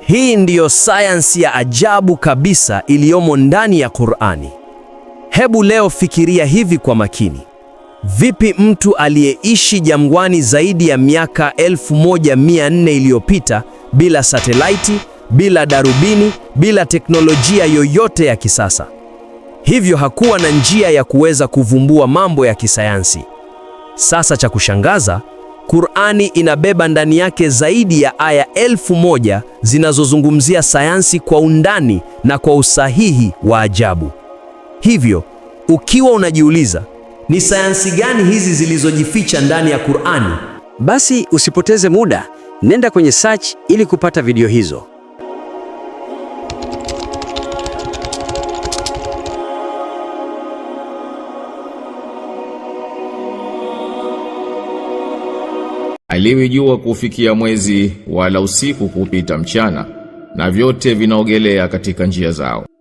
Hii ndiyo sayansi ya ajabu kabisa iliyomo ndani ya Qur'ani. Hebu leo fikiria hivi kwa makini. Vipi mtu aliyeishi jangwani zaidi ya miaka 1400 iliyopita bila satelaiti, bila darubini, bila teknolojia yoyote ya kisasa? Hivyo hakuwa na njia ya kuweza kuvumbua mambo ya kisayansi. Sasa cha kushangaza Qur'ani inabeba ndani yake zaidi ya aya elfu moja zinazozungumzia sayansi kwa undani na kwa usahihi wa ajabu. Hivyo, ukiwa unajiuliza ni sayansi gani hizi zilizojificha ndani ya Qur'ani, basi usipoteze muda, nenda kwenye search ili kupata video hizo. aliwijua kufikia mwezi wala usiku kupita mchana, na vyote vinaogelea katika njia zao.